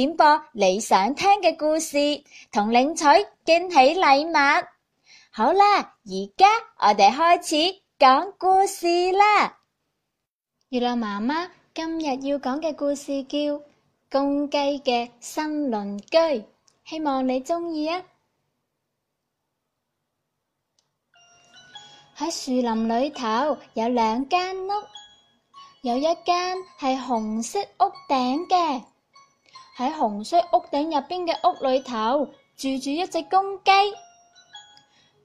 點播你想聽嘅故事，同領取驚喜禮物。喺紅色屋頂入邊嘅屋裏頭住住一隻公雞，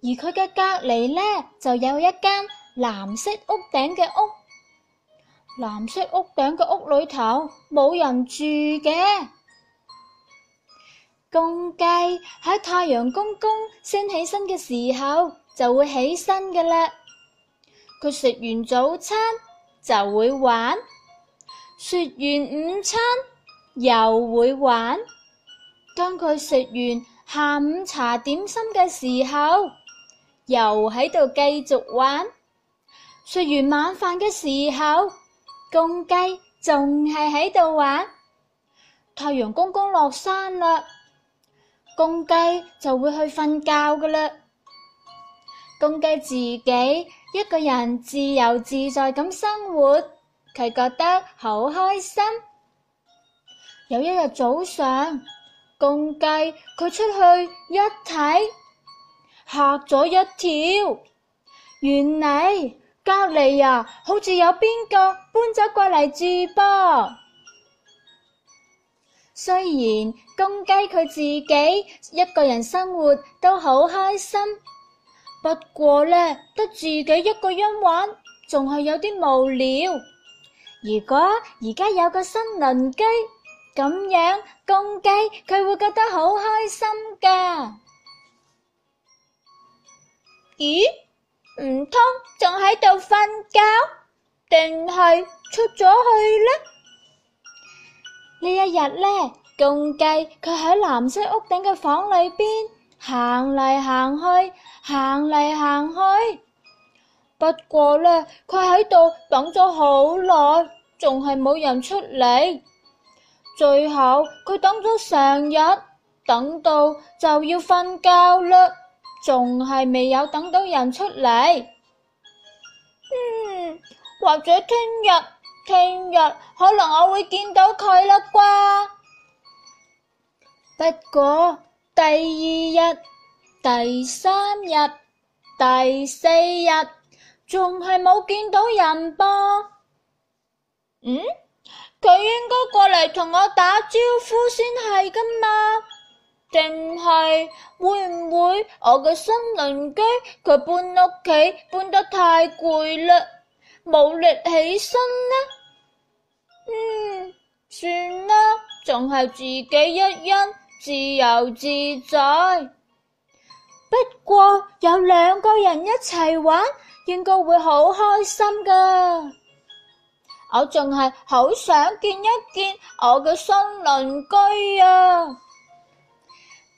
而佢嘅隔籬呢，就有一間藍色屋頂嘅屋。藍色屋頂嘅屋裏頭冇人住嘅。公雞喺太陽公公升起身嘅時候就會起身嘅啦。佢食完早餐就會玩，食完午餐。又會玩，當佢食完下午茶點心嘅時候，又喺度繼續玩。食完晚飯嘅時候，公雞仲係喺度玩。太陽公公落山啦，公雞就會去瞓覺噶啦。公雞自己一個人自由自在咁生活，佢覺得好開心。有一日早上，公雞佢出去一睇，嚇咗一跳。原嚟隔籬啊，好似有邊個搬走過嚟住噃。雖然公雞佢自己一個人生活都好開心，不過呢，得自己一個人玩仲係有啲無聊。如果而家有個新鄰居，咁樣，公雞佢會覺得好開心噶。咦？唔通仲喺度瞓覺，定係出咗去呢？呢一日呢，公雞佢喺藍色屋頂嘅房裏邊行嚟，行去，行嚟行去。不過呢，佢喺度等咗好耐，仲係冇人出嚟。最後佢等咗成日，等到就要瞓覺嘞，仲係未有等到人出嚟。嗯，或者聽日、聽日可能我會見到佢啦啩。不過第二日、第三日、第四日，仲係冇見到人噃。嗯？嚟同我打招呼先係噶嘛？定係會唔會我嘅新鄰居佢搬屋企搬得太攰嘞，冇力起身呢？嗯，算啦，仲係自己一人，自由自在。不過有兩個人一齊玩，應該會好開心噶。我仲係好想見一見我嘅新鄰居啊！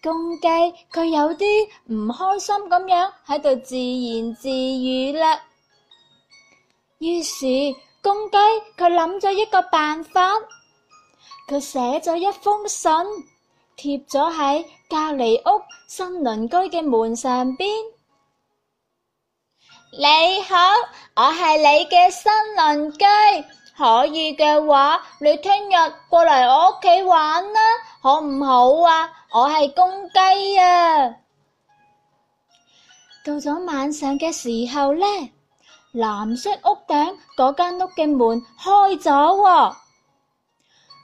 公雞佢有啲唔開心咁樣喺度自言自語啦。於是公雞佢諗咗一個辦法，佢寫咗一封信，貼咗喺隔籬屋新鄰居嘅門上邊。你好，我係你嘅新鄰居。可以嘅話，你聽日過嚟我屋企玩啦，好唔好啊？我係公雞啊！到咗晚上嘅時候呢，藍色屋頂嗰間屋嘅門開咗，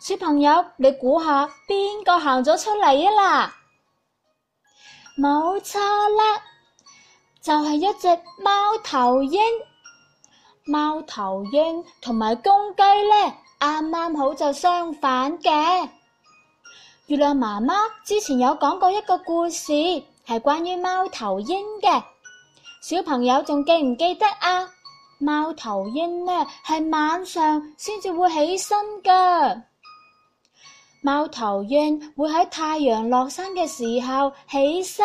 小朋友，你估下邊個行咗出嚟啊？啦，冇錯啦，就係一隻貓頭鷹。貓頭鷹同埋公雞呢，啱啱好就相反嘅。月亮媽媽之前有講過一個故事，係關於貓頭鷹嘅。小朋友仲記唔記得啊？貓頭鷹呢，係晚上先至會起身噶。貓頭鷹會喺太陽落山嘅時候起身。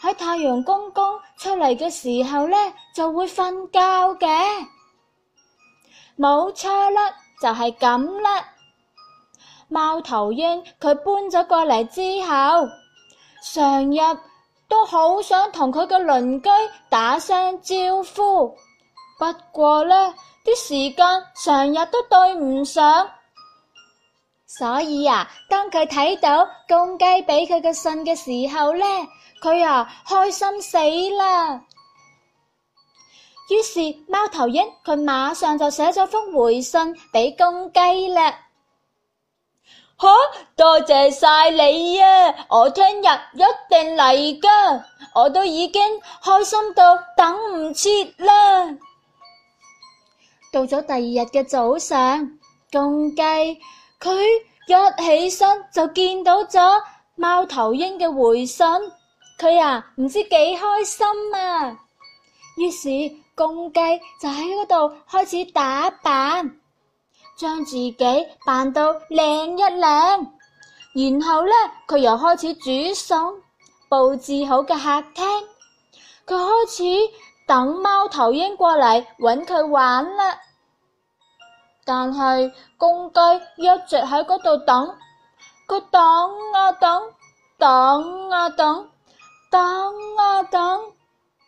喺太陽公公出嚟嘅時候呢，就會瞓覺嘅，冇錯啦，就係咁啦。貓頭鷹佢搬咗過嚟之後，成日都好想同佢嘅鄰居打聲招呼，不過呢啲時間成日都對唔上，所以啊，當佢睇到公雞俾佢嘅信嘅時候呢。佢，開心死啦！於是，貓頭鷹，佢馬上就寫咗封回信，俾公雞啦！吓，佢啊，唔知幾開心啊！於是公雞就喺嗰度開始打扮，將自己扮到靚一靚。然後呢，佢又開始煮餸，布置好嘅客廳，佢開始等貓頭鷹過嚟搵佢玩啦。但係公雞一直喺嗰度等，佢等啊等，等啊等。等啊等，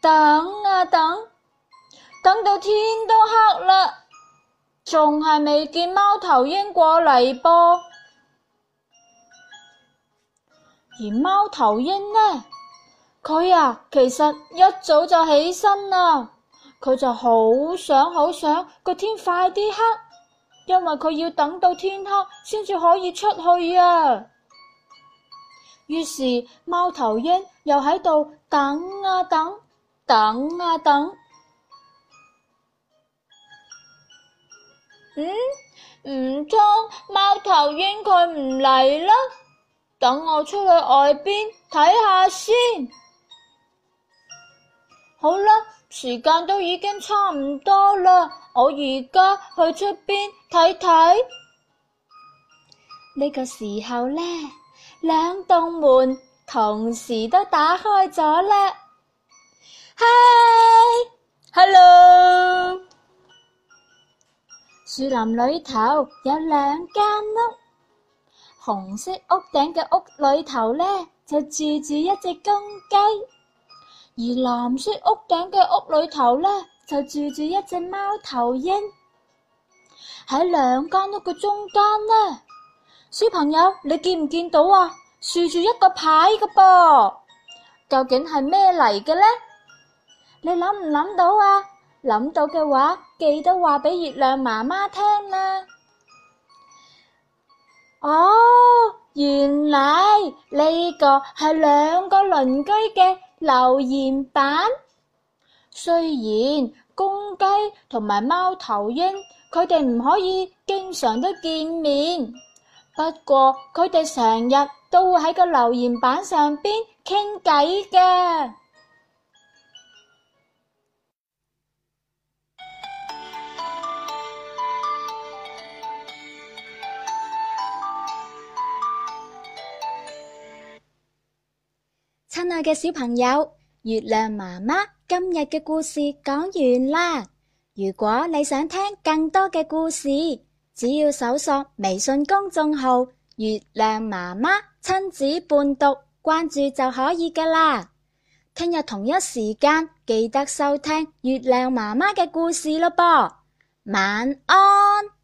等啊等，等到天都黑啦，仲係未見貓頭鷹過嚟噃。而貓頭鷹呢？佢啊，其實一早就起身啦，佢就好想好想個天快啲黑，因為佢要等到天黑先至可以出去啊。於是貓頭鷹又喺度等啊等，等啊等。嗯，唔通貓頭鷹佢唔嚟啦？等我出去外邊睇下先。好啦，時間都已經差唔多啦，我而家去出邊睇睇。呢個時候呢。兩棟門同時都打開咗啦。嗨，Hello！樹林裏頭有兩間屋，紅色屋頂嘅屋裏頭呢，就住住一隻公雞，而藍色屋頂嘅屋裏頭呢，就住住一隻貓頭鷹。喺兩間屋嘅中間呢。小朋友，你見唔見到啊？豎住一個牌嘅噃，究竟係咩嚟嘅呢？你諗唔諗到啊？諗到嘅話，記得話俾月亮媽媽聽啦。哦，原來呢個係兩個鄰居嘅留言板。雖然公雞同埋貓頭鷹，佢哋唔可以經常都見面。不過佢哋成日都會喺個留言板上邊傾偈嘅。親愛嘅小朋友，月亮媽媽今日嘅故事講完啦。如果你想聽更多嘅故事。只要搜索微信公眾號《月亮媽媽親子伴讀》，關注就可以㗎喇。聽日同一時間記得收聽月亮媽媽嘅故事咯，噃。晚安。